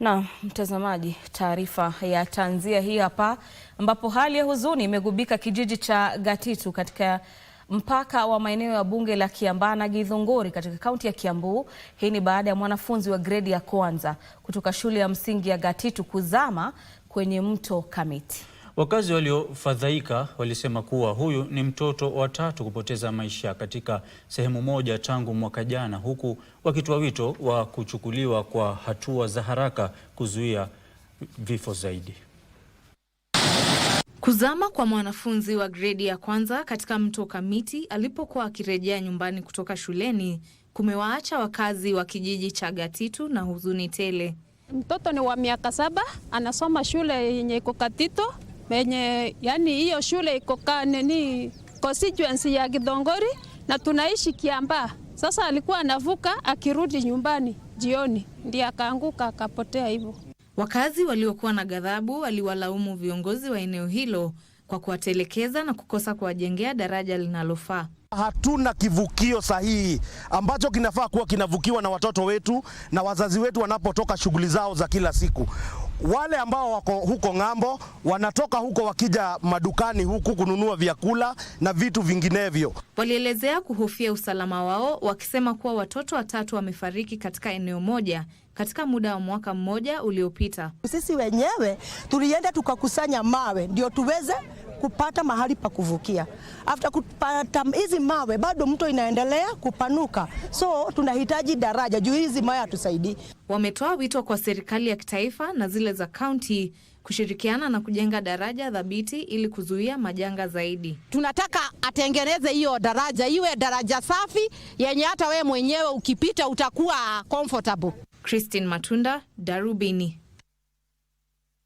Na mtazamaji, taarifa ya tanzia hii hapa, ambapo hali ya huzuni imegubika kijiji cha Gatitu katika mpaka wa maeneo ya bunge la Kiambaa na Githunguri katika kaunti ya Kiambu. Hii ni baada ya mwanafunzi wa gredi ya kwanza kutoka shule ya msingi ya Gatitu kuzama kwenye mto Kamiti. Wakazi waliofadhaika walisema kuwa huyu ni mtoto wa tatu kupoteza maisha katika sehemu moja tangu mwaka jana, huku wakitoa wito wa kuchukuliwa kwa hatua za haraka kuzuia vifo zaidi. Kuzama kwa mwanafunzi wa gredi ya kwanza katika mto Kamiti alipokuwa akirejea nyumbani kutoka shuleni kumewaacha wakazi wa kijiji cha Gatitu na huzuni tele. Mtoto ni wa miaka saba, anasoma shule yenye iko Katito menye yani hiyo shule iko nini constituency ya Githongori na tunaishi Kiambaa. Sasa alikuwa anavuka akirudi nyumbani jioni, ndiye akaanguka akapotea hivyo. Wakazi waliokuwa na ghadhabu waliwalaumu viongozi wa eneo hilo kwa kuwatelekeza na kukosa kuwajengea daraja linalofaa. Hatuna kivukio sahihi ambacho kinafaa kuwa kinavukiwa na watoto wetu na wazazi wetu wanapotoka shughuli zao za kila siku wale ambao wako huko ng'ambo wanatoka huko wakija madukani huku kununua vyakula na vitu vinginevyo. Walielezea kuhofia usalama wao wakisema kuwa watoto watatu wamefariki katika eneo moja katika muda wa mwaka mmoja uliopita. Sisi wenyewe tulienda tukakusanya mawe ndio tuweze kupata mahali pa kuvukia. After kupata hizi mawe, bado mto inaendelea kupanuka, so tunahitaji daraja juu hizi mawe hatusaidii. Wametoa wito kwa serikali ya kitaifa na zile za kaunti kushirikiana na kujenga daraja thabiti ili kuzuia majanga zaidi. Tunataka atengeneze hiyo daraja iwe daraja safi yenye hata wewe mwenyewe ukipita utakuwa comfortable. Christine Matunda, Darubini.